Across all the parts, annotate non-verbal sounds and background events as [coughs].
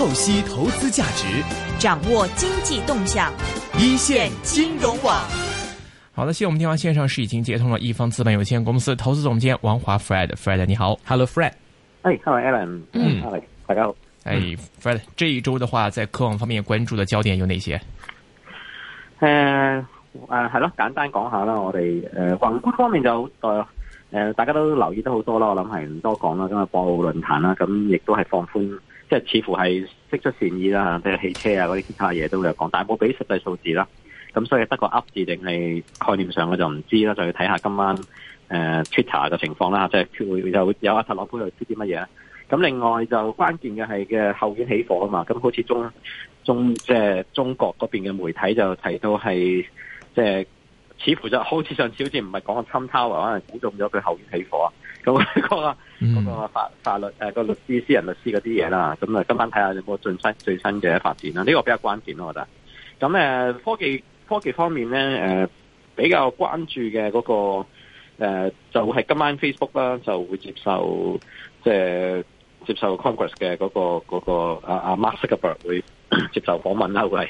透析投資價值，掌握經濟動向，一線金融網。好的，現在我們電話線上是已經接通了一方資本有限公司投資總監王華 （Fred）。Fred，你好，Hello，Fred。Hello，Alan。Hello，大家好。Hey，哎，Fred，這一周的話，在科網方面關注的焦點有哪些？呃，呃，係咯，簡單講下啦。我哋，呃，宏觀方面就，呃，誒、uh，大家都留意得好多啦。我諗係唔多講啦，咁啊，博鰲論壇啦，咁亦都係放寬。即係似乎係釋出善意啦，即係汽車啊嗰啲其他嘢都有講，但係冇俾實際數字啦。咁所以得個噏字定係概念上，我就唔知啦，就要睇下今晚誒、呃、Twitter 嘅情況啦。即係會有有阿特朗普又出啲乜嘢？咁另外就關鍵嘅係嘅後院起火嘛。咁好似中中即係中國嗰邊嘅媒體就提到係即係似乎就好似上次好似唔係講侵蝕，可能估中咗佢後院起火啊！咁嗰個嗰個法法律誒個律師私人律師嗰啲嘢啦，咁啊今晚睇下有冇最新最新嘅發展啦，呢個比較關鍵咯，我覺得。咁誒科技科技方面咧，誒比較關注嘅嗰個誒就係今晚 Facebook 啦，就會接受即係接受 Congress 嘅嗰個嗰個阿阿 Mark Zuckerberg 會接受訪問啦，會係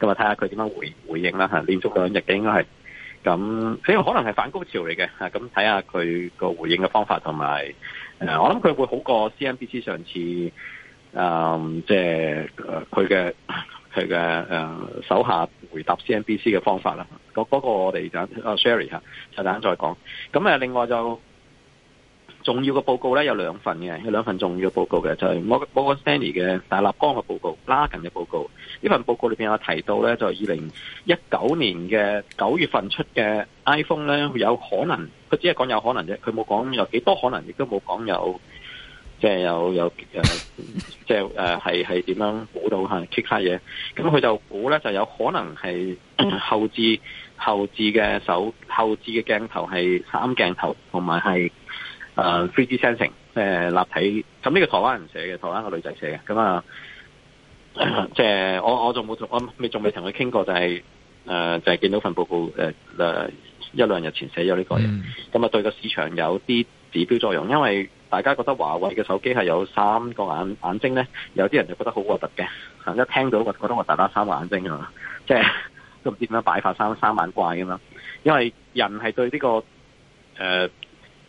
咁啊睇下佢點樣回回應啦嚇，連續兩日嘅應該係。咁呢個可能係反高潮嚟嘅，咁睇下佢個回應嘅方法同埋，誒、呃、我諗佢會好過 CNBC 上次誒，即係佢嘅佢嘅誒手下回答 CNBC 嘅方法啦。嗰、那個我哋等阿、啊、Sherry 吓，就等再講。咁、呃、另外就。重要嘅報告咧有兩份嘅，有兩份重要嘅報告嘅，就係我我個 Stanley 嘅大立光嘅報告，拉近嘅報告。呢份報告裏邊有提到咧，就係二零一九年嘅九月份出嘅 iPhone 咧，有可能，佢只係講有可能啫，佢冇講有幾多可能，亦都冇講有即係有、就是、有即係誒係係點樣估到嚇其他嘢。咁佢就估咧就有可能係後置後置嘅手後置嘅鏡頭係三鏡頭同埋係。誒、uh, three D sensing，即、uh, 立體。咁呢個台灣人寫嘅，台灣個女仔寫嘅。咁啊，即係我我仲冇同我未仲未同佢傾過，就係、是、誒就係、是 uh, 見到份報告誒誒、uh, uh, 一兩日前寫咗呢個嘢。咁、mm、啊 -hmm. 對個市場有啲指標作用，因為大家覺得華為嘅手機係有三個眼眼睛咧，有啲人就覺得好核突嘅。一聽到我覺得我大喇三個眼睛啊，即、就、係、是、都唔知點樣擺法三三眼怪咁咯。因為人係對呢、這個誒。Uh,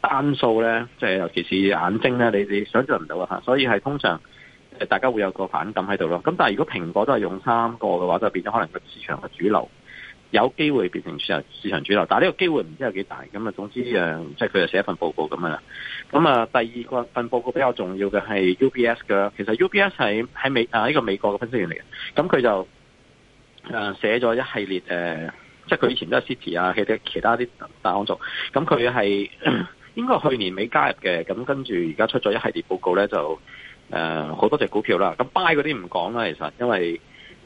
單數咧，即係尤其是眼睛咧，你你想象唔到啊！吓，所以係通常，誒，大家會有個反感喺度咯。咁但係如果蘋果都係用三個嘅話，就變咗可能個市場嘅主流，有機會變成市場市場主流。但係呢個機會唔知有幾大咁啊。總之，誒，即係佢就寫一份報告咁樣啦。咁啊，第二個份報告比較重要嘅係 UBS 嘅。其實 UBS 係喺美啊，呢、呢個美國嘅分析員嚟嘅。咁佢就誒寫咗一系列誒、呃，即係佢以前都係 City 啊，其他其他啲大行做。咁佢係。應該去年尾加入嘅，咁跟住而家出咗一系列報告咧，就誒好、呃、多隻股票啦。咁 buy 嗰啲唔講啦，其實因為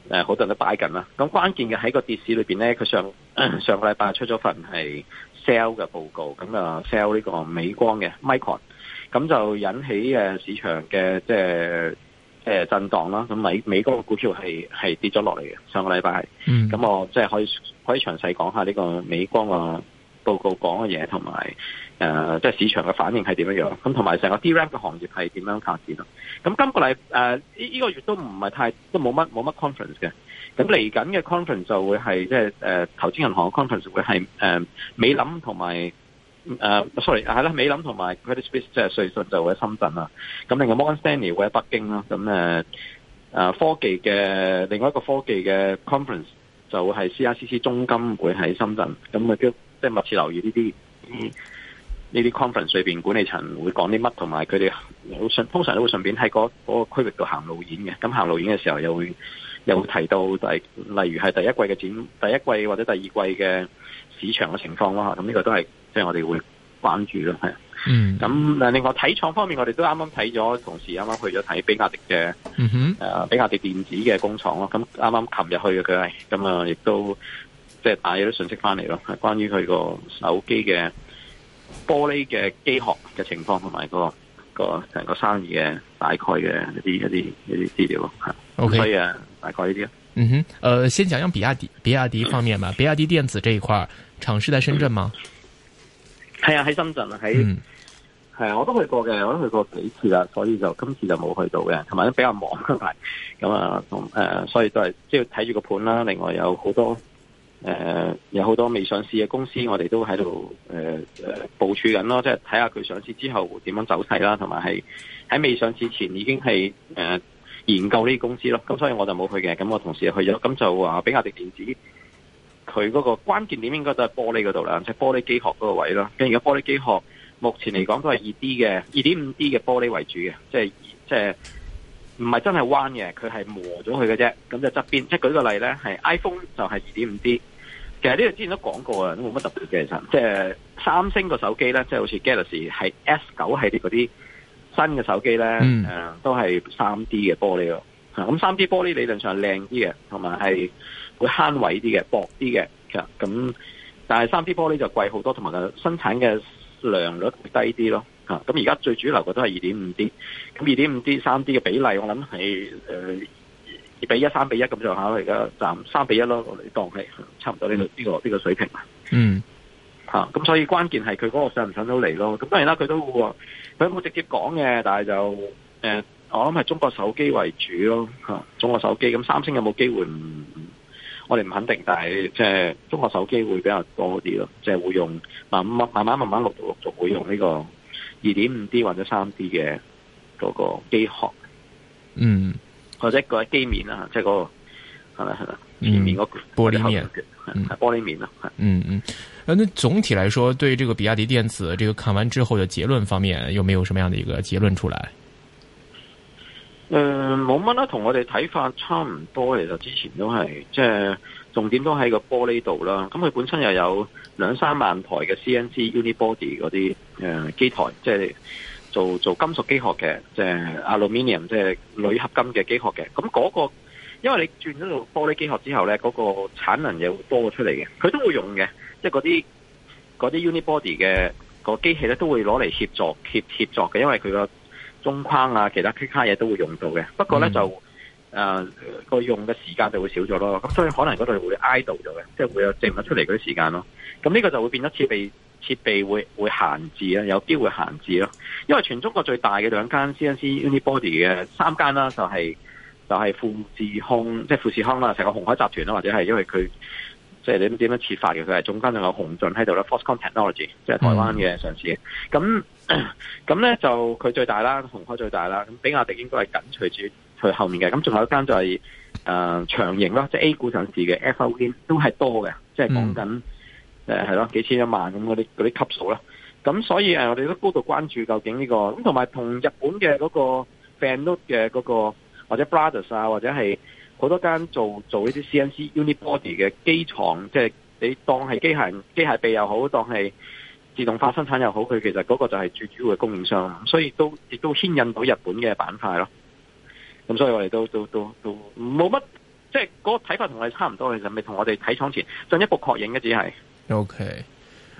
誒好多人都擺緊啦。咁關鍵嘅喺個跌市裏面咧，佢上、呃、上個禮拜出咗份係 sell 嘅報告，咁啊 sell 呢個美光嘅 Micron，咁就引起市場嘅即係震盪啦。咁美美國嘅股票係跌咗落嚟嘅，上個禮拜。咁、嗯、我即係、就是、可以可以詳細講下呢個美光個報告講嘅嘢同埋。誒、呃，即係市場嘅反應係點樣樣？咁同埋成個 DRAM 嘅行業係點樣發展啊？咁今個禮誒，呃呢個月都唔係太，都冇乜冇乜 conference 嘅。咁嚟緊嘅 conference 就會係即係誒投資銀行嘅 conference 會係誒美林同埋 sorry 係啦，美林同埋 Credit Suisse 即係瑞信就會喺深圳啦。咁另外 Morgan Stanley 會喺北京啦。咁、呃、科技嘅另外一個科技嘅 conference 就會係 CRCC 中金會喺深圳。咁即係密切留意呢啲。嗯呢啲 conference 裏邊，管理層會講啲乜，同埋佢哋通常都會順便喺嗰、嗰個嗰個區域度行路演嘅。咁行路演嘅時候，又會又會提到第例如係第一季嘅展，第一季或者第二季嘅市場嘅情況咯。咁呢個都係即係我哋會關注咯，係。嗯。咁另外睇廠方面，我哋都啱啱睇咗，同時啱啱去咗睇比亞迪嘅、mm -hmm. 呃，比亞迪電子嘅工廠咯。咁啱啱琴日去嘅佢係，咁啊，亦都即係帶咗啲信息翻嚟咯，關於佢個手機嘅。玻璃嘅機殼嘅情況，同埋個個成個生意嘅大概嘅一啲一啲一啲資料咯，係。O K。所以啊，大概呢啲咯。嗯哼，呃，先講講比亞迪，比亞迪方面嘛、嗯，比亞迪電子呢一塊廠是在深圳嗎？係、嗯、啊，喺深圳啊，喺。係、嗯、啊，我都去過嘅，我都去過幾次啦，所以就今次就冇去到嘅，同埋都比較忙嗰咁啊，同誒、嗯呃，所以都係即係睇住個盤啦，另外有好多。誒、呃，有好多未上市嘅公司，我哋都喺度誒誒部署緊咯，即係睇下佢上市之後點樣走勢啦，同埋係喺未上市前已經係誒、呃、研究呢啲公司咯。咁所以我就冇去嘅。咁我同事去咗，咁就話比亞迪電子，佢嗰個關鍵點應該都係玻璃嗰度啦，即係玻璃機殼嗰個位咯。跟住而家玻璃機殼，目前嚟講都係二 D 嘅，二點五 D 嘅玻璃為主嘅，即係即係唔係真係彎嘅，佢係磨咗佢嘅啫。咁就側邊，即係舉個例咧，係 iPhone 就係二點五 D。其實呢度之前都講過呀、嗯，都冇乜特別嘅，其實即係三星個手機咧，即係好似 Galaxy 係 S 九系列嗰啲新嘅手機咧，誒都係三 D 嘅玻璃咯。吓，咁三 D 玻璃理論上係靚啲嘅，同埋係會慳位啲嘅，薄啲嘅。其實咁，但係三 D 玻璃就貴好多，同埋個生產嘅良率會低啲咯。吓咁而家最主流嘅都係二點五 D，咁二點五 D 三 D 嘅比例我諗係誒。呃二比一，三比一咁就考慮而家三比一咯，你當係差唔多呢、這個呢個呢個水平。嗯，吓、啊，咁所以關鍵係佢嗰個想唔想到嚟咯。咁當然啦，佢都佢冇直接講嘅，但係就誒、呃，我諗係中國手機為主咯吓、啊，中國手機咁三星有冇機會？我哋唔肯定，但係即係中國手機會比較多啲咯，即、就、係、是、會用慢慢慢慢慢慢陸續陸續會用呢個二點五 D 或者三 D 嘅嗰個機殼。嗯。或者個機面啊，即、就、係、是那個係啦係啦，面面嗰個玻璃面，係、嗯、玻璃面咯。嗯嗯，誒、嗯，那總體來說對這個比亞迪電子，這個看完之後嘅結論方面，有沒有什麼樣的一個結論出來？誒、呃，冇乜啦，同我哋睇法差唔多，其實之前都係即係重點都喺個玻璃度啦。咁佢本身又有兩三萬台嘅 CNC Unibody 嗰啲誒機台，即、就、係、是。做做金屬機殼嘅，即係 aluminium，即係鋁合金嘅機殼嘅。咁嗰個，因為你轉咗做玻璃機殼之後咧，嗰個產能又會多咗出嚟嘅。佢都會用嘅，即係嗰啲嗰啲 unibody 嘅個機器咧，都會攞嚟協助協協助嘅。因為佢個中框啊，其他卡嘢都會用到嘅。不過咧就。嗯誒、呃、個用嘅時間就會少咗咯，咁所以可能嗰度會 idle 咗嘅，即係會有剩得出嚟嗰啲時間咯。咁呢個就會變咗設備設備會會閒置啦，有機會閒置咯。因為全中國最大嘅兩間 CNC Unibody 嘅三間啦，就係、是、就係、是、富士康，即、就、係、是、富士康啦，成個鴻海集團啦，或者係因為佢即係你點樣設法嘅，佢係總監仲有鴻準喺度啦。Foxconn Technology 即係台灣嘅上市，咁咁咧就佢最大啦，鴻海最大啦，咁比亞迪應該係緊隨住。佢後面嘅咁，仲有一間就係、是、誒、呃、長型咯，即係 A 股上市嘅，F.O.V.、Mm. 都係多嘅，即係講緊誒係咯幾千一萬咁嗰啲啲級數啦。咁所以誒，我哋都高度關注究竟呢、這個咁，同埋同日本嘅嗰個 Fanuc 嘅、那、嗰個或者 Brothers 啊，或者係好多間做做一啲 C.N.C. Unibody 嘅機牀，即、就、係、是、你當係機械機械臂又好，當係自動化生產又好，佢其實嗰個就係最主要嘅供應商，所以都亦都牽引到日本嘅板塊咯。咁所以我哋都都都都冇乜，即係、就是、個睇法同我哋差唔多，其實未同我哋睇廠前進一步確認嘅只係。O、okay.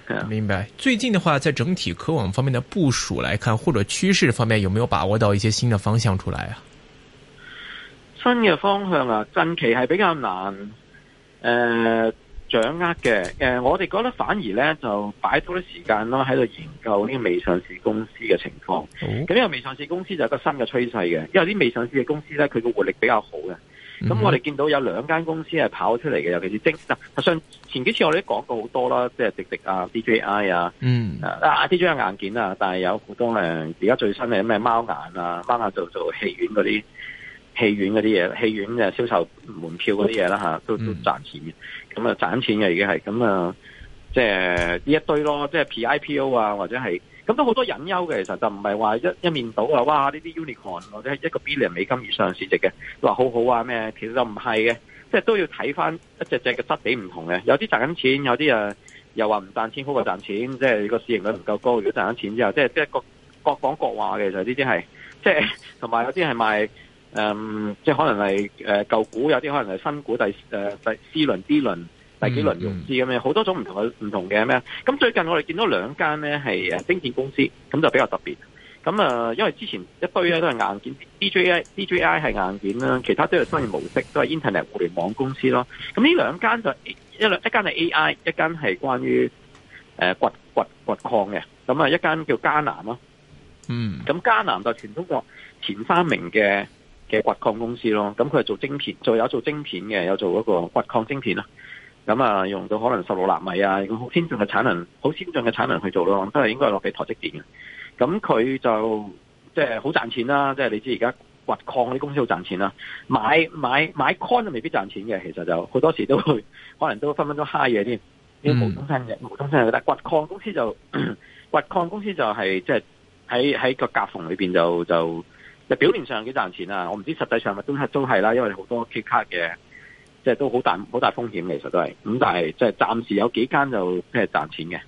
K，、yeah. 明白。最近嘅話，在整體科網方面嘅部署嚟看，或者趨勢方面，有沒有把握到一些新的方向出來啊？新嘅方向啊，近期係比較難，誒、呃。掌握嘅、呃，我哋覺得反而咧就擺多啲時間啦，喺度研究呢個未上市公司嘅情況。咁呢個未上市公司就係個新嘅趨勢嘅，因為啲未上市嘅公司咧，佢個活力比較好嘅。咁、嗯、我哋見到有兩間公司係跑出嚟嘅，尤其是精嗱、啊，上前幾次我哋都講過好多啦，即係滴滴啊、DJI 啊、嗯、啊，啊 DJI 硬件啊，但係有股東咧而家最新係咩貓眼啊，貓眼做做戲院嗰啲。戲院嗰啲嘢，戲院嘅銷售門票嗰啲嘢啦吓，都都賺錢咁啊賺緊錢嘅已經係，咁啊即係呢一堆咯，即係 PIPO 啊或者係，咁都好多隱憂嘅其實就，就唔係話一一面倒啊，哇呢啲 unicorn 或者一個 billion 美金以上市值嘅，哇好好啊咩，其實就唔係嘅，即係都要睇返一隻隻嘅質地唔同嘅，有啲賺緊錢，有啲啊又話唔賺錢好過賺錢，即係個市盈率唔夠高，如果賺緊錢之後，即係即係各各講各話嘅，其實呢啲係即係同埋有啲係賣。誒、嗯，即係可能係誒舊股，有啲可能係新股第，第誒第 C 輪、D 輪、mm -hmm. 第幾輪融資咁樣，好多種唔同嘅唔同嘅咩？咁最近我哋見到兩間咧係誒芯片公司，咁就比較特別。咁啊、呃，因為之前一堆咧都係硬件，DJI、mm -hmm. DJI 係硬件啦，其他都係商業模式，都係 internet 互聯網公司咯。咁呢兩間就是、一一間係 AI，一間係關於誒掘掘掘礦嘅。咁、呃、啊，的那一間叫嘉楠咯。嗯。咁嘉楠就全中國前三名嘅。嘅掘礦公司咯，咁佢係做晶片，做有做晶片嘅，有做嗰個掘礦晶片啦。咁啊，用到可能十六納米啊，好先進嘅產能，好先進嘅產能去做咯，都係應該係落俾台積電嘅。咁佢就即係好賺錢啦，啊，即係你知而家掘礦呢啲公司好賺錢啦，啊。買買買 coin 都未必賺錢嘅，其實就好多時都會，可能都分分鐘蝦嘢添，啲冇中山嘅冇中山嘅。但掘礦公司就掘礦公司就係即係喺喺個夾縫裏邊就就。就表面上幾賺錢啊！我唔知實際上咪都係都係啦，因為好多揭卡嘅，即係都好大好大風險，其實都係。咁但係即係暫時有幾間就即係賺錢嘅。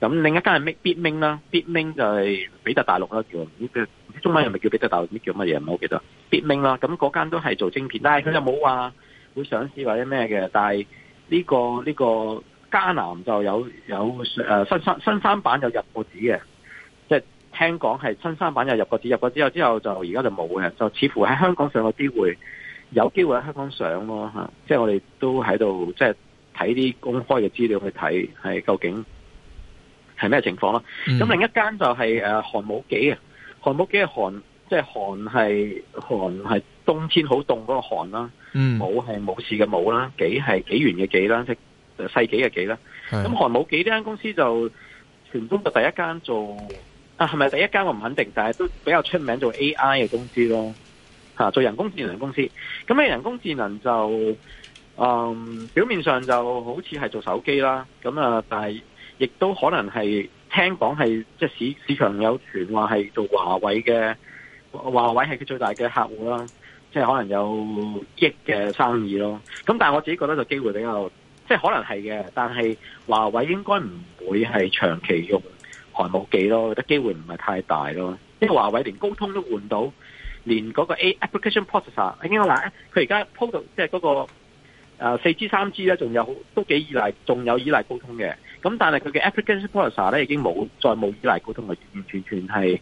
咁另一間係 Bitmain 啦，Bitmain 就係比特大陸啦，叫唔知嘅，中文又唔係叫比特大陸，呢叫乜嘢唔好記得。Bitmain 啦，咁嗰間都係做晶片，但係佢又冇話會上市或者咩嘅。但係呢個呢個加南就有有誒新、啊、新三板有入過紙嘅。聽講係新三板又入過紙，入過之後，之後就而家就冇嘅，就似乎喺香港上嘅機會，有機會喺香港上咯吓、啊。即係我哋都喺度，即係睇啲公開嘅資料去睇，係究竟係咩情況咯。咁、嗯、另一間就係誒韓武紀啊，韓武紀係韓，即係韓係寒係冬天好凍嗰個寒啦，是武係武士嘅武啦，紀係紀元嘅紀啦，即係世紀嘅紀啦。咁韓武紀呢間公司就全中國第一間做。係咪第一間我唔肯定，但係都比較出名做 AI 嘅公司咯，吓做人工智能公司。咁你人工智能就，嗯、呃，表面上就好似係做手機啦，咁啊，但係亦都可能係聽講係即市市場有傳話係做華為嘅，華為係佢最大嘅客戶啦，即係可能有億嘅生意咯。咁但係我自己覺得就機會比較，即係可能係嘅，但係華為應該唔會係長期用。台冇幾咯，我覺得機會唔係太大咯。因為華為連高通都換到，連嗰個 A application processor 已經嗱，佢而家 product 即係嗰個四 G、三 G 咧，仲有都幾依賴，仲有依賴高通嘅。咁但係佢嘅 application processor 咧已經冇，再冇依賴高通嘅，完完全全係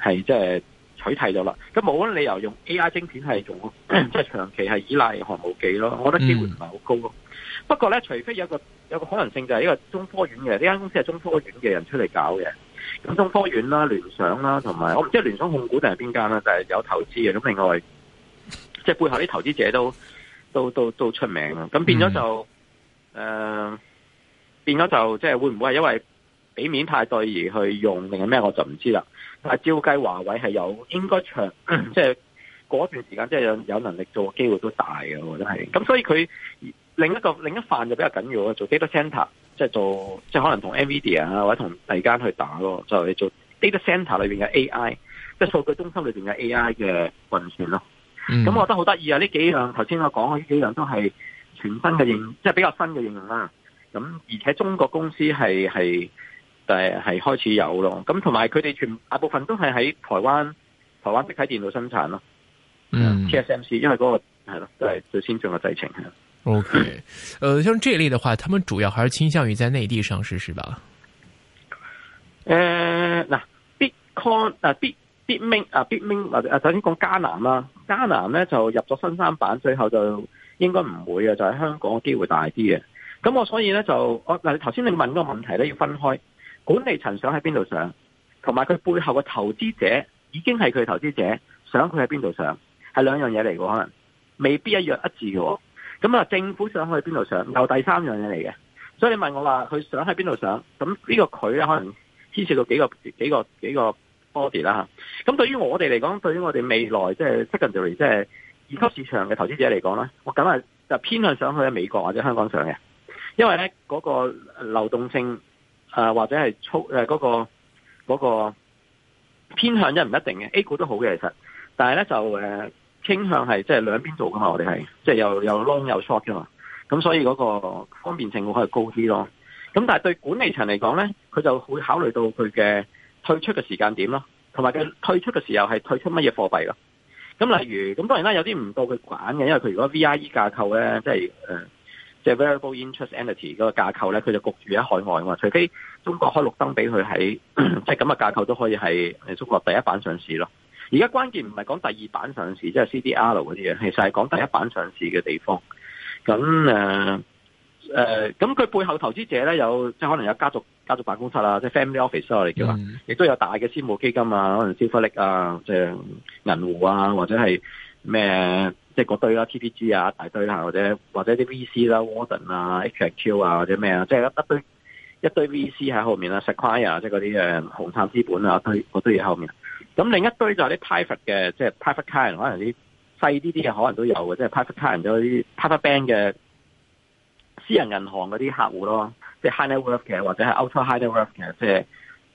係即係。是就是取替咗啦，咁冇乜理由用 A I 晶片係用，即係、 [coughs] 就是、長期係依賴寒武紀咯。我覺得機會唔係好高咯。嗯、不過咧，除非有個有個可能性就係呢個中科院嘅呢間公司係中科院嘅人出嚟搞嘅。咁中科院啦、啊、聯想啦、啊，同埋我唔知聯想控股定係邊間啦，就係有投資嘅咁。另外，即、就、係、是、背後啲投資者都都都都出名啊！咁變咗就誒、嗯呃，變咗就即係會唔會係因為俾面派對而去用，定係咩？我就唔知啦。係照計，華為係有應該長即係嗰段時間，即係有有能力做嘅機會都大嘅，我覺得係。咁所以佢另一個另一範就比較緊要，做 data center，就是做即係做即係可能同 Nvidia 啊或者同第二間去打咯，就係、是、做 data center 裏邊嘅 AI，即係數據中心裏面嘅 AI 嘅運算咯。咁、嗯、我覺得好得意啊！呢幾樣頭先我講呢幾樣都係全新嘅應，即係比較新嘅應用啦。咁而且中國公司係係。是就係係開始有咯，咁同埋佢哋全大部分都係喺台灣，台灣即喺電腦生產咯。嗯，TSMC 因為嗰、那個係咯，係最先進嘅製程。O、okay, K，呃，像這類的話，他們主要還是傾向於在內地上市，是，是吧？嗱，Bitcoin b i t i n 啊先講嘉楠啦，嘉楠咧就入咗新三板，最後就應該唔會嘅，就喺香港嘅機會大啲嘅。咁我所以咧就我嗱，頭、啊、先你問個問題咧，要分開。管理層想喺邊度上，同埋佢背後嘅投資者已經係佢投資者想佢喺邊度上，係兩樣嘢嚟嘅可能，未必一樣一致嘅。咁啊，政府想去邊度上，又第三樣嘢嚟嘅。所以你問我話佢想喺邊度上，咁呢個佢咧可能牽涉到幾個幾個幾個 body 啦吓。咁對於我哋嚟講，對於我哋未來即係、即係、secondary 即係二級市場嘅投資者嚟講咧，我梗係就偏向想去喺美國或者香港上嘅，因為咧嗰、嗰個流動性。誒、呃，或者係誒，嗰、呃那個嗰、那個、那個、偏向一唔一定嘅，A 股都好嘅其實，但係咧就誒傾、呃、向係即係兩邊做噶嘛，我哋係即係又有，有 long 有 short 噶嘛，咁所以嗰個方便性可以高啲咯。咁但係對管理層嚟講咧，佢就會考慮到佢嘅退出嘅時間點咯，同埋佢退出嘅時候係退出乜嘢貨幣咯。咁例如咁當然啦，有啲唔到佢揀嘅，因為佢如果 VIE 架構咧，即係誒。呃即、就、係、是、variable interest entity 嗰個架構咧，佢就焗住喺海外啊嘛。除非中國開綠燈俾佢喺，即係咁嘅架構都可以係誒中國第一版上市咯。而家關鍵唔係講第二版上市，即、就、係、是、CDR 嗰啲嘢，其實係講第一版上市嘅地方。咁誒誒，咁、呃、佢、呃、背後投資者咧有即係可能有家族家族辦公室啦，即係 family office 我哋叫啊，亦、嗯、都有大嘅私募基金啊，可能 Silver Lake 啊，即、就、係、是、銀湖啊，或者係咩？即係嗰堆啦，TPG 啊，PPG，大堆啊，或者或者啲 VC 啦 Warden 啊，HQ 啊，或者咩啊，即、就、係、是、一堆一堆 VC 喺後面啦 Sequoia 啊，即係嗰啲誒紅杉資本啊，堆嗰堆嘢後面。咁另一堆就係啲 private 嘅，即係 private client 可能啲細啲啲嘅可能都有嘅、就是，即係 private client 就啲 private bank 嘅私人銀行嗰啲客戶咯，即係 high net worth 嘅，或者係 ultra high net worth 嘅，即係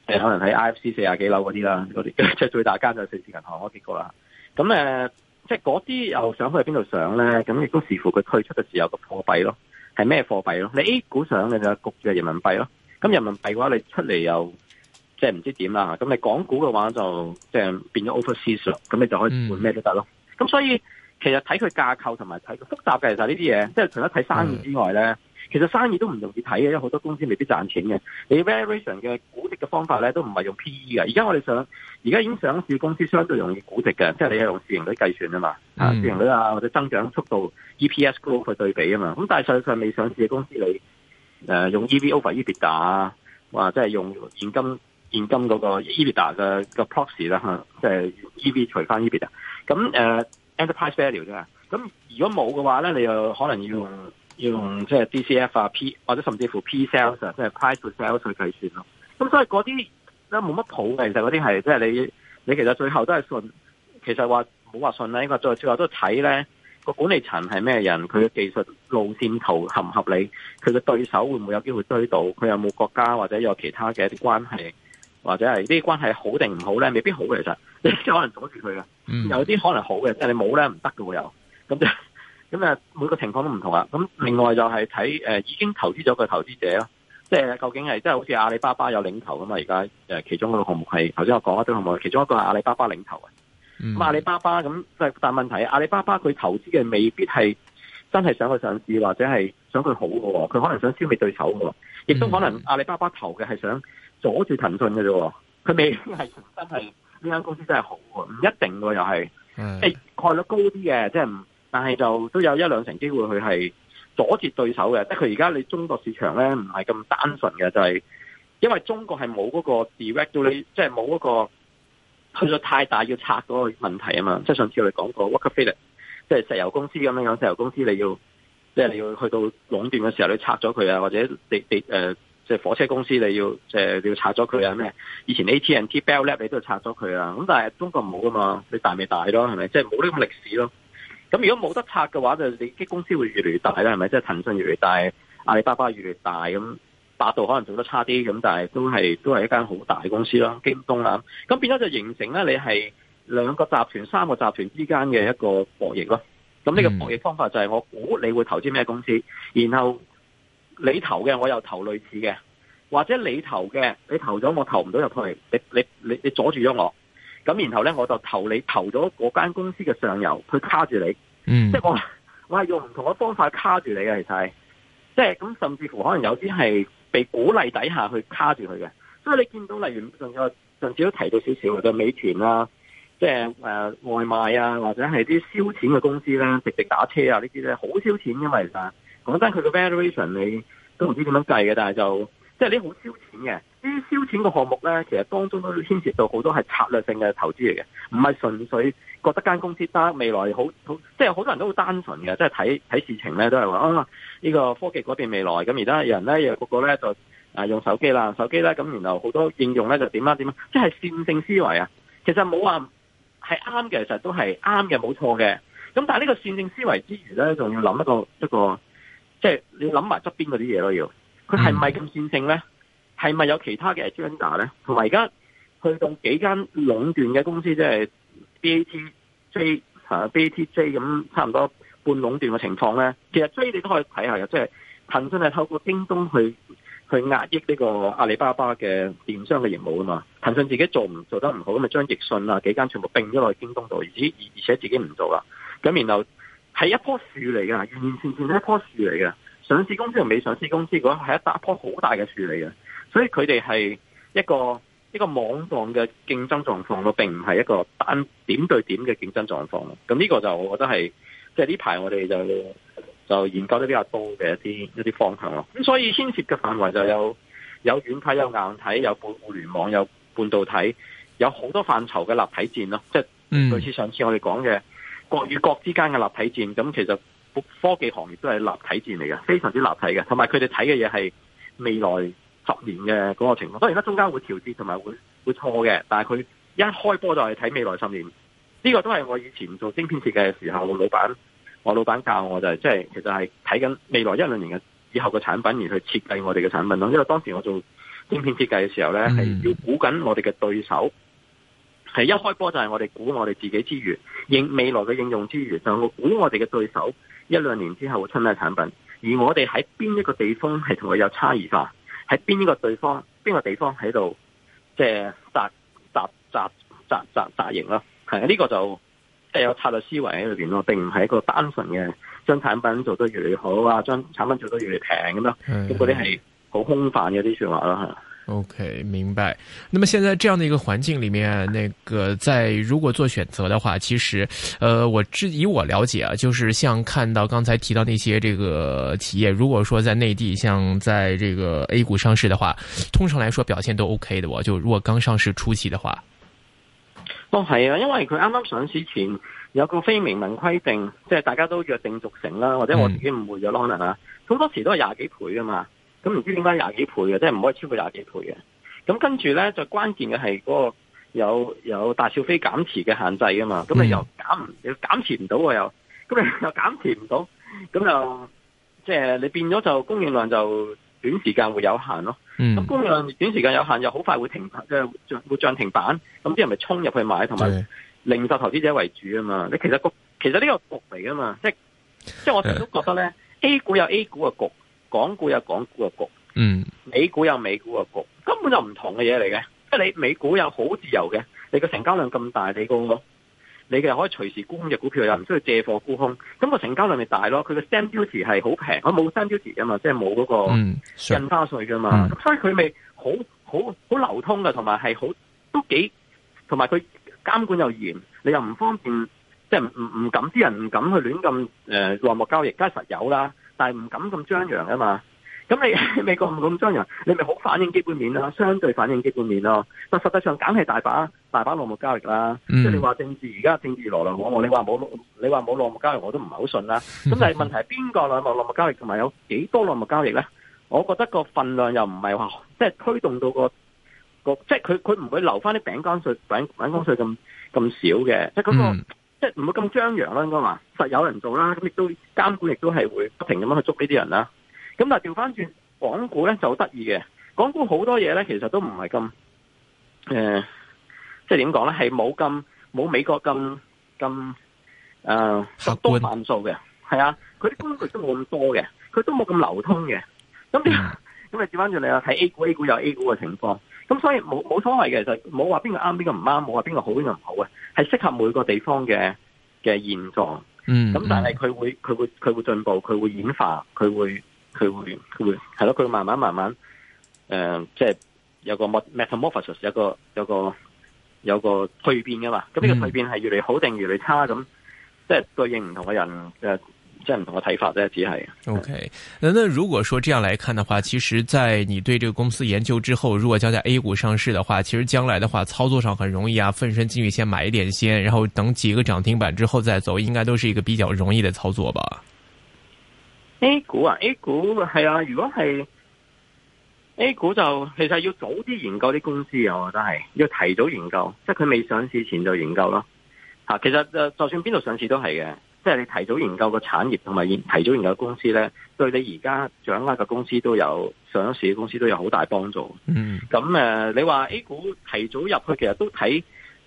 即可能喺 IFC 四啊幾樓嗰啲啦，嗰啲即係最大間就係瑞士銀行我見過啦。咁誒。呃即係嗰啲又想去邊度上咧，咁亦都視乎佢退出嘅時候個貨幣咯，係咩貨幣咯？你 A 股上嘅就焗住係人民幣咯。咁人民幣嘅話，你出嚟又即係唔知點啦。咁你港股嘅話就即係變咗 overseas 咁，你就可以換咩都得咯。咁、嗯、所以其實睇佢架構同埋睇佢複雜嘅，其實呢啲嘢即係除咗睇生意之外咧。嗯其實生意都唔容易睇嘅，因為好多公司未必賺錢嘅。你 valuation 嘅估值嘅方法咧，都唔係用 P/E 嘅。而家我哋上，而家已經上市公司相對容易估值嘅，即係你係用市盈率計算嘛、嗯、啊嘛，市盈率啊或者增長速度 E.P.S. growth 去對比啊嘛。咁但係實際上未上市嘅公司，你誒、呃、用 E.V. over EBITDA 啊，或者係用現金現金嗰個 EBITDA 嘅個 proxy 啦、啊，即、就、係、是、E.V. 除翻 EBITDA。咁誒、呃、enterprise value 啫。咁如果冇嘅話咧，你又可能要用。嗯、要用即係 DCF 啊 P 或者甚至乎 P sales 啊，即、就、係、是、price to sales 去計算咯。咁所以嗰啲都冇乜譜嘅，其實嗰啲係即係你你其實最後都係信。其實話冇話信啦應該最最後都睇呢個管理層係咩人，佢嘅技術路線圖合唔合理，佢嘅對手會唔會有機會追到，佢有冇國家或者有其他嘅一啲關係，或者係呢啲關係好定唔好咧，未必好嘅。其實你可能阻住佢嘅，有啲可能好嘅、嗯，但係冇咧唔得嘅又咁就。咁啊，每個情況都唔同啊。咁另外就係睇已經投資咗個投資者咯，即係究竟係即係好似阿里巴巴有領頭噶嘛？而家其中一個項目係頭先我講嗰啲項目其中一個係阿里巴巴領頭啊。咁阿里巴巴咁，但但問題，阿里巴巴佢投資嘅未必係真係想佢上市，或者係想佢好喎。佢可能想消滅對手嘅喎，亦都可能阿里巴巴投嘅係想阻住騰訊嘅啫。佢未必真係呢間公司真係好喎，唔一定喎，又係即、哎、概率高啲嘅，即係唔。但係就都有一兩成機會佢係阻截對手嘅，即係佢而家你中國市場咧唔係咁單純嘅，就係、是、因為中國係冇嗰個 direct 到你，即係冇嗰個去到太大要拆嗰個問題啊嘛。即係上次我哋講過 Walker Phillips 即係石油公司咁樣石油公司你要即係、嗯就是、你要去到壟斷嘅時候你拆咗佢啊，或者地地即係火車公司你要即係、呃、要拆咗佢啊咩？以前 AT&T Bell Lab 你都拆咗佢啊，咁但係中國唔好啊嘛，你大未大咯，係咪？即係冇呢個歷史咯。咁如果冇得拆嘅話，就你啲公司會越嚟越大啦，係咪？即係騰訊越嚟越大，阿里巴巴越嚟越大，咁百度可能做得差啲，咁但係都係都係一間好大公司啦，京東啦，咁變咗就形成咧，你係兩個集團、三個集團之間嘅一個博弈咯。咁呢個博弈方法就係我估你會投資咩公司，然後你投嘅我又投類似嘅，或者你投嘅你投咗我投唔到入去，你你你你阻住咗我，咁然後呢，我就投你投咗嗰間公司嘅上游去卡住你。嗯， [noise] 即係我我係用唔同嘅方法卡住你嘅，其實係，即係咁，甚至乎可能有啲係被鼓勵底下去卡住佢嘅，所以你見到例如上有上次都提到少少，就美團啦，即係誒、啊呃、外賣啊，或者係啲燒錢嘅公司咧、啊，滴滴打車啊呢啲咧好燒錢，消遣因為其實講真佢個 valuation 你都唔知點樣計嘅，但係就。即係你好燒錢嘅，消遣項呢啲燒錢嘅項目咧，其實當中都牽涉到好多係策略性嘅投資嚟嘅。唔係純粹覺得間公司得未來好好，即係好多人都好單純嘅，即係睇睇事情咧都係話啊呢個科技嗰邊未來咁而家有人咧又個個咧就啊用手機啦，手機咧咁然後好多應用咧就點啊點啊，即係線性思維啊，其實冇話係啱嘅，其實都係啱嘅，冇錯嘅。咁但係呢個線性思維之餘咧，仲要諗一個一個，即係你諗埋側邊嗰啲嘢咯，要。佢係咪咁線性咧？係咪有其他嘅 agenda 咧？同埋而家去到幾間壟斷嘅公司，即係 BATJ 啊，BATJ 咁差唔多半壟斷嘅情況咧。其實 J 你都可以睇下嘅，即係騰訊係透過京東去去壓抑呢個阿里巴巴嘅電商嘅業務啊嘛。騰訊自己做唔做得唔好，咁咪將易訊啊幾間全部並咗落去京東度，而而且自己唔做啦。咁然後係一棵樹嚟㗎，完完全全係一棵樹嚟噶。上市公司同未上市公司，嗰係一打一樖好大嘅樹嚟嘅，所以佢哋係一個一個網狀嘅競爭狀況咯，並唔係一個單點對點嘅競爭狀況咯。咁呢個就我覺得係即係呢排我哋就就研究得比較多嘅一啲一啲方向咯。咁所以牽涉嘅範圍就有有軟體，有硬體，有半互聯網，有半導體，有好多範疇嘅立體戰咯。即係類似上次我哋講嘅國與國之間嘅立體戰，咁，其實。科技行業都係立體戰嚟嘅，非常之立體嘅。同埋佢哋睇嘅嘢係未來十年嘅嗰個情況。當然啦，中間會調節同埋會會錯嘅，但係佢一開波就係睇未來十年。呢個都係我以前做晶片設計嘅時候，我老闆我老闆教我就係，即係其實係睇緊未來一兩年嘅以後嘅產品，而去設計我哋嘅產品咯。因為當時我做晶片設計嘅時候呢，係要估緊我哋嘅對手，係一開波就係我哋估我哋自己之餘，未來嘅應用之餘，就我估我哋嘅對手。一兩年之後會出咩產品，而我哋喺邊一個地方係同佢有差異化，喺邊一個地方邊個地方喺度，即係雜雜雜雜雜雜型咯，係啊，呢個就即係有策略思維喺裏邊咯，並唔係一個單純嘅將產品做得越嚟越好啊，將產品做得越嚟越平咁咯，嗰啲係好空泛嘅啲說話咯吓。OK，明白。那麼現在這樣的一個環境裏面，那個在如果做選擇的話，其實，呃，我以我了解啊，就是像看到剛才提到那些這個企業，如果說在內地像在這個 A 股上市的話，通常來說表現都 OK 的，就如果剛上市初期的話。哦，係啊，因為佢啱啱上市前有個非明文規定，即係大家都約定俗成啦，或者我自己誤會咗可能啊，好、嗯、多時都係廿幾倍噶嘛。咁唔知點解廿幾倍嘅，即係唔可以超過廿幾倍嘅。咁跟住咧，就關鍵嘅係嗰個有有大小非減持嘅限制啊嘛。咁你又減唔減持唔到啊又，咁、嗯、你又減持唔到，咁就即係、就是、你變咗就供應量就短時間會有限咯。咁、嗯、供應量短時間有限，又好快會停板，即係會漲停板。咁啲人咪衝入去買，同埋零售投資者為主啊嘛。你其實其實呢個局嚟㗎嘛，即係即係我哋都覺得咧，A 股有 A 股嘅局。港股有港股嘅局，嗯，美股有美股嘅局，根本就唔同嘅嘢嚟嘅。即係你美股又好自由嘅，你個成交量咁大，你個，你嘅可以隨時沽空嘅股票又唔需要借貨沽空，咁個成交量咪大咯？佢個 stamp duty 係好平，我冇 stamp duty 噶嘛，即係冇嗰個印花稅噶嘛，嗯、Sir，所以佢咪好好好流通嘅，同埋係好都幾，同埋佢監管又嚴，你又唔方便，即係唔唔敢啲人唔敢去亂咁誒內幕交易，梗係實有啦。但係唔敢咁張揚啊嘛，咁你美國唔敢咁張揚，你咪好反映基本面啦，相對反映基本面咯。但實際上梗係大把大把內幕交易啦，即係你話政治而家政治來來往往，你話冇，你話冇內幕交易我都唔係好信啦。咁 [laughs] 但係問題係邊個內幕內幕交易同埋有幾多內幕交易咧？我覺得個份量又唔係話即係推動到個個即係佢佢唔會留翻啲餅乾碎餅乾碎咁咁少嘅，即係嗰即係唔會咁張揚啦，應該話，實有人做啦，咁亦都監管亦都係會不停咁樣去捉呢啲人啦。咁但係調翻轉港股咧就得意嘅，港股好多嘢咧其實都唔係咁，誒、呃，即係點講咧？係冇咁冇美國咁咁誒多萬數嘅，係啊，佢啲工具都冇咁多嘅，佢都冇咁流通嘅。咁你咁你調翻轉嚟啊，睇、嗯、A 股 A 股有 A 股嘅情況。咁所以冇冇所謂嘅，就冇話邊個啱邊個唔啱，冇話邊個好邊個唔好啊，係適合每個地方嘅嘅現狀。嗯，咁但係佢會佢會佢會進步，佢會演化，佢會佢會佢會係咯，佢慢慢慢慢，誒、呃，即係有個 metamorphosis，有個有個有個蛻變噶嘛。咁呢個蛻變係越嚟好定越嚟差咁，即係對應唔同嘅人。誒即係唔同嘅睇法啫，只係。O K，那那如果說這樣來看的話，其實在你對這個公司研究之後，如果將在 A 股上市的話，其實將來的話操作上很容易啊，奮身進去先買一點先，然後等幾個漲停板之後再走，應該都是一個比較容易的操作吧。A 股啊，A 股係啊，如果係 A 股就其實要早啲研究啲公司，我覺得係要提早研究，即係佢未上市前就研究咯。吓、啊，其實就就算邊度上市都係嘅。即係你提早研究個產業同埋提早研究嘅公司咧，對你而家掌握嘅公司都有上市嘅公司都有好大幫助。嗯，咁誒、呃，你話 A 股提早入去其實都睇，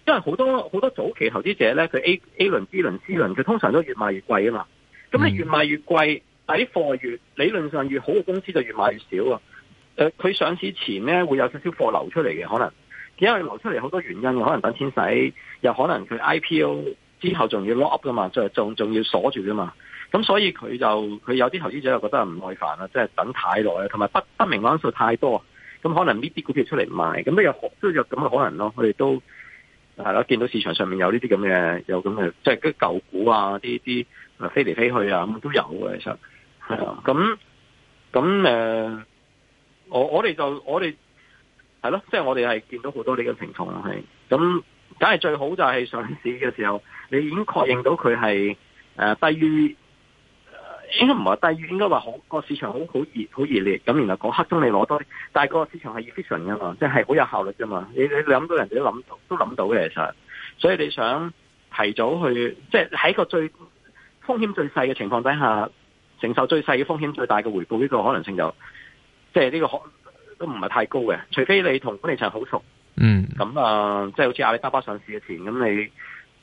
因為好多好多早期投資者咧，佢 A A 輪 B 輪 C 輪，佢通常都越賣越貴啊嘛。咁你越賣越貴，但啲貨越理論上越好嘅公司就越賣越少啊。誒、呃，佢上市前咧會有少少貨流出嚟嘅可能，因為流出嚟好多原因，可能等錢使，又可能佢 IPO。之後仲要 lock up 噶嘛，仲仲仲要鎖住噶嘛，咁所以佢就佢有啲投資者就覺得唔耐煩啦，即係等太耐啦，同埋不不明因素太多，咁可能呢啲股票出嚟賣，咁都有都有咁嘅可能咯。我哋都係咯，見到市場上面有呢啲咁嘅，有咁嘅，即係啲舊股啊，啲啲飛嚟飛去啊，咁都有嘅。其實係啊，咁咁誒，我我哋就我哋係咯，即係我哋係見到好多呢嘅情況係咁。梗係最好就係上市嘅時候，你已經確認到佢係誒低於、呃，應該唔係低於，應該話好個市場好好熱好熱烈，咁然後嗰刻鐘你攞多啲，但係個市場係 efficient 噶嘛，即係好有效率啫嘛。你你諗到人哋都諗到都諗到嘅其實，所以你想提早去，即係喺個最風險最細嘅情況底下，承受最細嘅風險，最大嘅回報呢，呢個可能性就即係呢個可都唔係太高嘅，除非你同管理層好熟。嗯，咁啊，即係好似阿里巴巴上市嘅前，咁你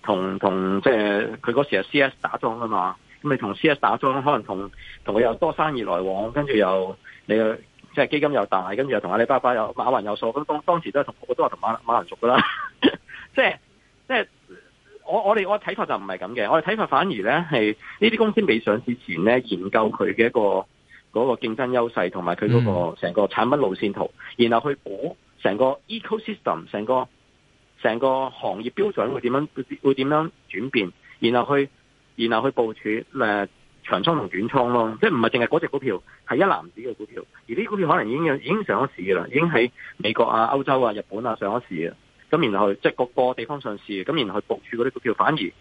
同同即係佢嗰時係 C S 打樁啊嘛，咁你同 C S 打樁，可能同同佢有多生意來往，跟住又你又即係基金又大，跟住又同阿里巴巴有馬雲有數，咁當當時都係同 [laughs] 我，都係同馬馬雲熟㗎噶啦，即係即係我我哋我睇法就唔係咁嘅，我哋睇法反而咧係呢啲公司未上市前咧研究佢嘅一個嗰個競爭優勢同埋佢嗰個成個產品路線圖，然後去估。成個 ecosystem，成個成個行業標準會點樣？會點樣轉變？然後去，然後去佈署誒、呃、長倉同短倉咯。即係唔係淨係嗰隻股票係一籃子嘅股票，而啲股票可能已經已經上咗市嘅啦，已經喺美國啊、歐洲啊、日本啊上咗市嘅。咁然後即係各個地方上市，咁然後部署嗰啲股票反，反而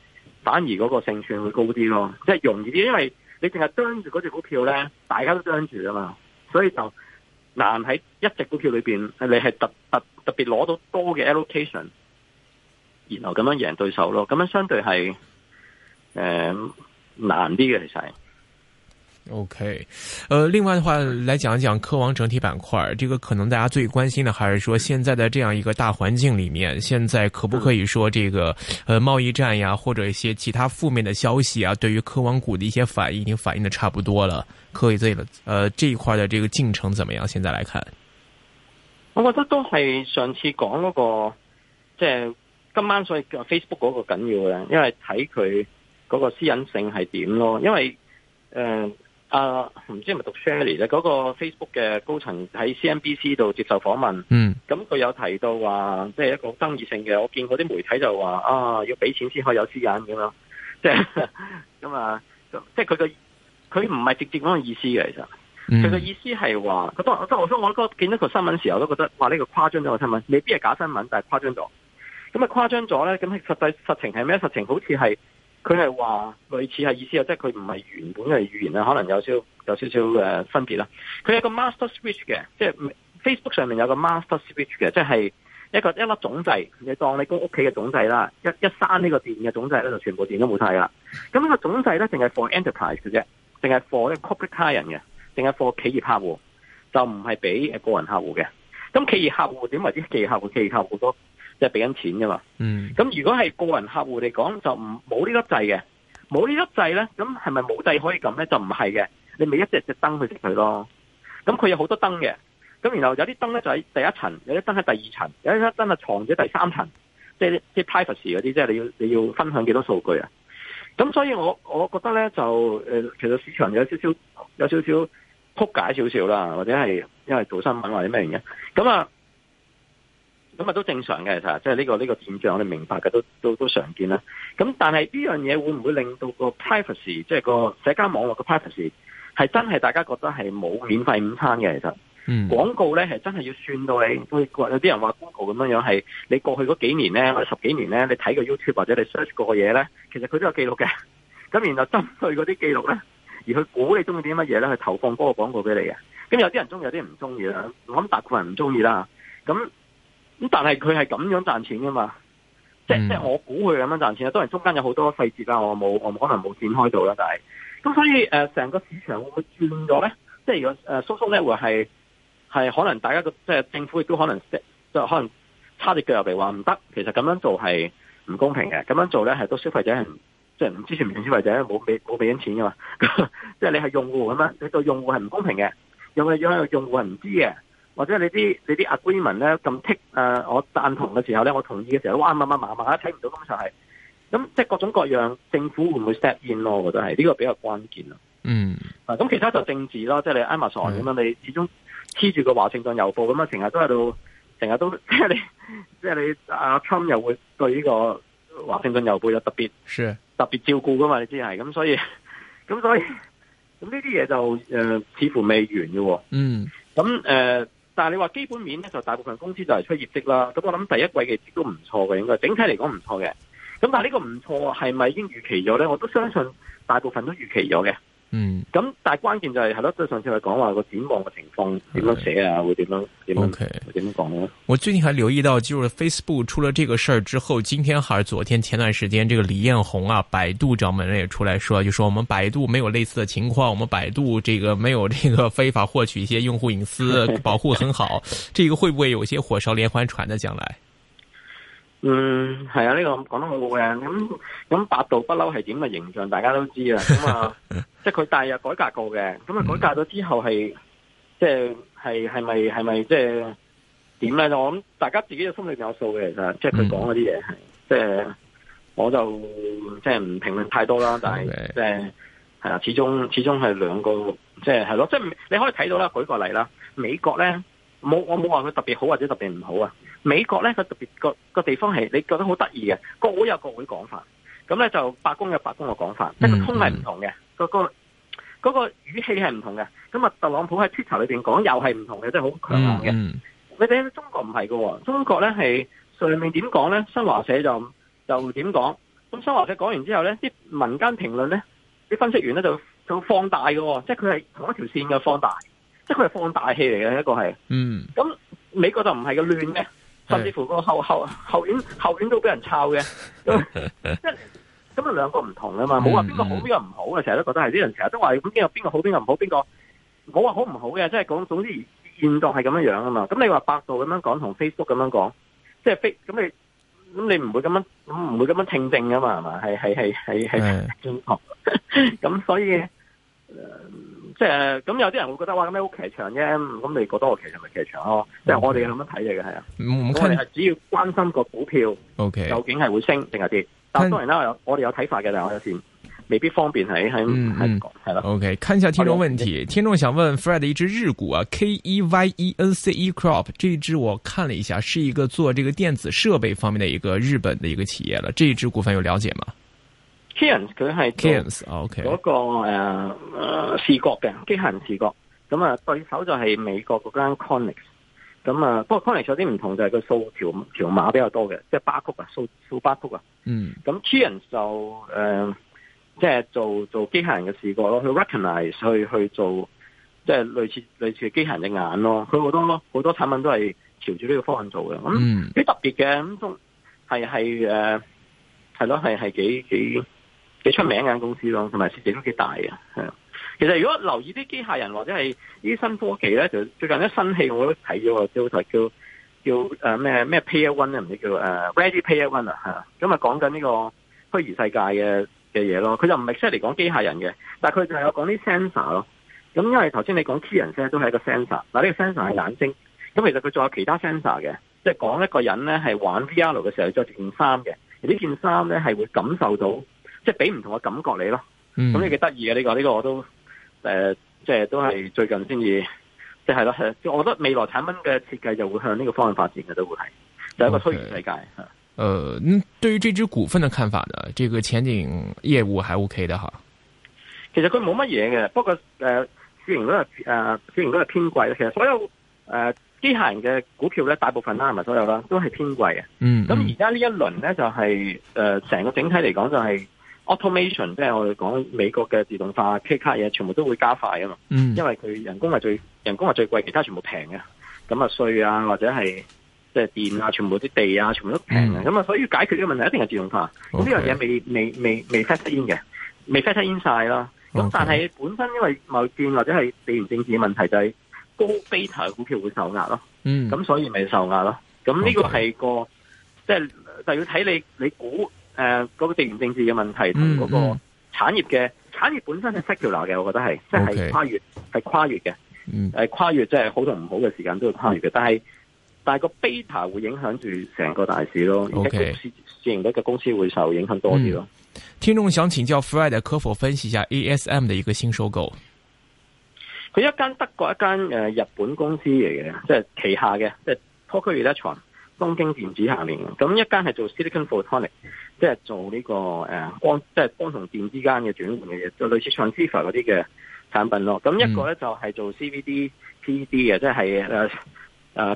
反而嗰個勝算會高啲咯，即係容易啲，因為你淨係啄住嗰隻股票咧，大家都啄住啊嘛，所以就。.難喺一隻股票裏邊，你係特特特別攞到多嘅 allocation，然後咁樣贏對手咯，咁樣相對係誒、呃、難啲嘅其實。O K，誒，另外嘅話嚟講一講科網整體板塊，這個可能大家最關心嘅，還是說，現在的這樣一個大環境裏面，現在可不可以說這個，誒、呃，貿易戰呀，或者一些其他負面嘅消息啊，對於科網股的一些反應已經反應得差不多了。可以，這了，呃，這一塊的這個進程怎麼樣？現在來看、嗯，我覺得都係上次講嗰、那個，即、就、係、是、今晚所以 Facebook 嗰個緊要嘅，因為睇佢嗰個私隱性係點咯。因為誒，阿、呃、唔、啊、知係咪讀 Shirley 咧？嗰個 Facebook 嘅高層喺 CNBC 度接受訪問，嗯，嗯，咁佢有提到話，即、就、係、是、一個爭議性嘅。我見過啲媒體就話啊，要俾錢先可以有私隱咁樣，即係咁啊，即係佢個。佢唔係直接嗰個意思嘅，其實佢嘅意思係話，嗰、嗯、當我想我見到個新聞時候都覺得話呢、呢個誇張咗個新聞，未必係假新聞，但係誇張咗。咁啊誇張咗咧，咁實實際實情係咩？實情好似係佢係話類似係意思啊，即係佢唔係原本嘅語言可能有少有少少嘅、呃、分別啦。佢有一個 master switch 嘅，即係 Facebook 上面有個 master switch 嘅，即係一個一粒總掣，你當你個屋企嘅總掣啦，一一閂呢個電嘅總掣咧，就全部電都冇晒啦。咁、咁、呢個總掣咧，淨係放 enterprise 嘅啫。定係貨咧 copy 他人嘅，定係貨企業客戶，就唔係俾誒個人客戶嘅。咁企業客戶點為之技客技客好多，即係俾緊錢噶嘛。咁如果係個人客戶嚟講，就唔冇呢粒掣嘅，冇呢粒掣咧，咁係咪冇掣可以撳咧？就唔係嘅，你咪一隻隻燈去熄佢咯。咁佢有好多燈嘅，咁然後有啲燈咧就喺第一層，有啲燈喺第二層，有啲燈係藏咗第三層，即係即係 privacy 嗰啲，即係你要你要分享幾多數據啊？咁所以我我覺得咧就誒、呃、其實市場有少少有少少曲解少少啦，或者係因為做新聞或者咩原因咁啊，咁啊都正常嘅。其實即係呢個呢個現象我哋明白嘅，都都都常見啦。咁但係呢樣嘢會唔會令到個 privacy 即係個社交網絡嘅 privacy 係真係大家覺得係冇免費午餐嘅其實？廣、嗯、告咧係真係要算到你，有啲人話廣告咁樣樣係你過去嗰幾年咧，或者十幾年咧，你睇個 YouTube 或者你 search 過嘅嘢咧，其實佢都有記錄嘅。咁然後針對嗰啲記錄咧，而佢估你中意啲乜嘢咧，去投放嗰個廣告俾你嘅。咁有啲人中意，有啲人唔中意啦。我諗大部分人唔中意啦。咁咁但係佢係咁樣賺錢噶嘛？即係即係我估佢咁樣賺錢啦。當然中間有好多細節啊，我冇我可能冇展開到啦，但係咁所以誒成、呃、個市場會唔會轉咗咧？即係如果誒搜索咧會係。係可能大家個即係政府亦都可能即係可能差啲腳入嚟話唔得，其實咁樣做係唔公平嘅。咁樣做咧係都消費者係即係唔知情嘅消費者咧冇俾冇俾緊錢噶嘛。即係、就是、你係用戶咁樣，你對用戶係唔公平嘅。有有用戶係唔知嘅，或者你啲你啲 agreement 咧咁 tick 啊，我贊同嘅時候咧，我同意嘅時候，哇麻麻麻麻啊，睇唔到咁就係。咁即係各種各樣政府會唔會 step in 咯？我覺得係呢個比較關鍵啦。嗯、咁、啊、其他就政治啦，即係你 Emma 咁樣，你始終。黐住個華盛頓郵報咁、就是就是、啊，成日都喺度，成日都即係你，即係你阿侵又會對呢個華盛頓郵報有特別特別照顧噶嘛你知係咁，所以咁所以咁呢啲嘢就誒、呃，似乎未完嘅、啊。嗯，咁誒、呃，但係你話基本面咧，就大部分公司就係出業績啦。咁我諗第一季嘅都唔錯嘅，應該整體嚟講唔錯嘅。咁但係呢個唔錯係咪已經預期咗咧？我都相信大部分都預期咗嘅。嗯，咁但係關鍵就係係咯，對上次佢講話個展望嘅情況點樣寫啊，嗯、會點樣點樣點樣，okay，點樣講呢？我最近還留意到，就是 Facebook 出了這個事之後，今天還是昨天前段時間，這個李彥宏啊，百度掌門人也出來說，就說我們百度沒有類似的情況，我們百度這個沒有這個非法獲取一些用戶隱私，保護很好。 [laughs] 這個會不會有些火燒連環船的將來？嗯，係啊，呢、呢個講得好好嘅。咁咁，咁百度不嬲係點嘅形象，大家都知啦。咁啊， [laughs] 即係佢大約改革過嘅。咁啊，改革咗之後係，即係係係咪係咪即係點咧？我諗大家自己嘅心裏邊有數嘅其實，即係佢講嗰啲嘢係，即係我就即係唔評論太多啦。但係、okay. 即係係啊，始終始終係兩個，即係係咯。即係你可以睇到啦，舉個例啦，美國咧。冇，我冇話佢特別好或者特別唔好啊。美國咧，佢特別個個地方係你覺得好得意嘅，國會有國會講法，咁咧就白宮有白宮嘅講法，嗯、即係、嗯那個通係唔同嘅，個個嗰個語氣係唔同嘅。咁啊，特朗普喺 Twitter 裏邊講又係唔同嘅，即係好強硬嘅、嗯嗯。你睇中國唔係噶，中國咧係上面點講咧？新華社就就點講？咁新華社講完之後咧，啲民間評論咧，啲分析員咧就就放大噶、哦，即係佢係同一條線嘅放大。即係佢係放大器嚟嘅一個係，咁、嗯、美國就唔係個亂嘅，甚至乎個後後後,後院後院都俾人抄嘅， [laughs] 即係咁啊兩個唔同啊嘛，冇話邊個好邊個唔好啊，成日都覺得係啲、嗯、人成日都話咁邊個邊個好邊個唔好邊個，我話好唔好嘅，即係講總之現狀係咁樣樣啊嘛，咁你話百度咁樣講同 Facebook 咁樣講，即係咁你咁你唔會咁樣唔會咁樣聽證噶嘛係嘛係係係係係正確，咁 [laughs] 所以。呃即係咁，有啲人會覺得話咁咩好企場啫，咁你覺得我企場咪企場咯。即係我哋咁樣睇嘅，係啊。我哋係只要關心個股票，OK，究竟係會升定係跌。但當然啦，我哋有睇法嘅，但係我有啲未必方便喺喺喺係咯。嗯嗯、okay, OK，看一下聽眾問題，okay。聽眾想問 Fred 一支日股啊，Keyence -E -E、Crop，這一支我看了一下，是一個做這個電子設備方面的一個日本的一個企業啦。這一支股份有了解嗎？機器 n 佢係嗰個誒、oh, okay. 啊呃、視覺嘅機械人視覺，咁、嗯、啊對手就係美國嗰間 Connect，咁啊不過 Connect 有啲唔同就係佢掃條條碼比較多嘅，即係 barcode 啊，掃掃 barcode 啊，嗯，咁 T 人就誒即係做做機械人嘅視覺咯，去 recognize 去去做，即係類似類似機械人嘅眼咯，佢好多好多產品都係朝住呢個方向做嘅，咁、嗯、幾、嗯、特別嘅，咁都係係誒係咯係係幾幾。是是是是是是是幾出名間公司咯，同埋市值都幾大嘅。係啊，其實如果留意啲機械人或者係呢啲新科技咧，就最近啲新戲我都睇咗啊，即係好似叫叫誒咩咩 Pay One 咧，唔知叫誒 Ready Pay One 啊嚇。咁啊講緊呢個虛擬世界嘅嘅嘢咯，佢就唔係出嚟講機械人嘅，但係佢就係有講啲 sensor 咯。咁因為頭先你講黐人先都係一個 sensor，嗱呢個 sensor 係眼睛，咁其實佢仲有其他 sensor 嘅，即係講一個人咧係玩 VR 嘅時候着件衫嘅，而這件呢件衫咧係會感受到。即係俾唔同嘅感覺你咯，咁你幾得意嘅，呢個呢個我都誒，即係都係最近先至即係咯，我覺得未來產品嘅設計就會向呢個方向發展嘅，都會係就係一個虛擬世界吓。誒，嗯，對於這支股份嘅看法呢？這個前景業務還 OK 的吓。其實佢冇乜嘢嘅，不過誒，雖、呃、然都係誒，雖然都係偏貴。其實所有誒，機、呃、械人嘅股票咧，大部分啦，唔係所有啦，都係偏貴嘅。嗯。咁而家呢一輪咧、就是，就係誒，成個整體嚟講、就是，就係。Automation 即係我哋講美國嘅自動化、K 卡嘢，全部都會加快啊嘛。嗯，因為佢人工係最人工係最貴，其他全部平嘅。咁啊稅啊或者係即係電啊，全部啲地啊，全部都平嘅。咁、嗯、啊，所以解決呢個問題一定係自動化。呢、okay, 樣嘢未未未未 set in 嘅，未 set in 晒啦。咁、okay, 但係本身因為貿易戰或者係地緣政治嘅問題，就係高 beta 嘅股票會受壓咯。嗯，咁所以咪受壓咯。咁呢個係個 okay, 即係就是、要睇你你估。誒、呃，嗰、那個地緣政治嘅問題同嗰個產業嘅、嗯、產業本身係 secular 嘅，我覺得係、okay, 即係跨越，係跨越嘅，誒、嗯呃、跨越即係好同唔好嘅時間都要跨越嘅、嗯。但係但係個 beta 會影響住成個大市咯，而家且市盈率嘅公司會受影響多啲咯、嗯。聽眾想請教 Fred，可否分析一下 ASM 嘅一個新收購？佢一間德國一間誒、呃、日本公司嚟嘅，即係旗下嘅，即係 Tokyo Electron。東京電子下面咁一間係做 silicon photonics，即係做呢個誒光，即係光同電之間嘅轉換嘅嘢，就類似像 t i f a 嗰啲嘅產品咯。咁一個咧就係做 CVD、mm. CD,、PVD 嘅，即係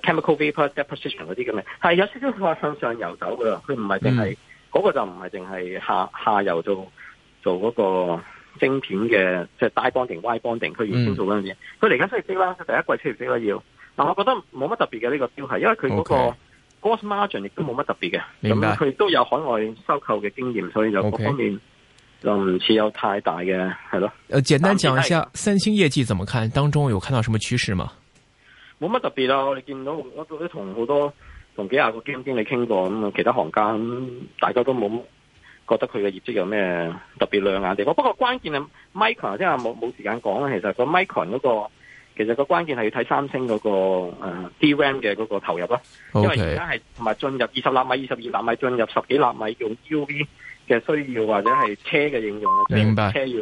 chemical vapor deposition 嗰啲咁嘅。係有少少話向上游走噶啦，佢唔係淨係嗰個，就唔係淨係下下游做做嗰個晶片嘅，即係 die bonding、wire bonding，佢原先做嗰樣嘢。佢嚟緊出唔升啦？佢第一季出唔升啦？要，但係我覺得冇乜特別嘅呢個標題，因為佢嗰、那個。Okay. First、margin 亦都冇乜特別嘅，咁佢都有海外收購嘅經驗，所以就各方面就唔似有太大嘅係咯。簡單講一下三星業績怎麼看，當中有看到什麼趨勢嗎？冇乜特別啦，我哋見到我嗰啲同好多同幾廿個經經理傾過，咁啊其他行家，咁大家都冇覺得佢嘅業績有咩特別亮眼地方。不過關鍵係，Micron 即係冇冇時間講啦。其實 Micro、那個 Micron 嗰個。其實個關鍵係要睇三星、嗰個誒、呃、DRAM 嘅嗰個投入啦、啊，okay. 因為而家係同埋進入二十納米、二十二納米進入十幾納米用 UV 嘅需要或者係車嘅應用啊，即係、就是、車要。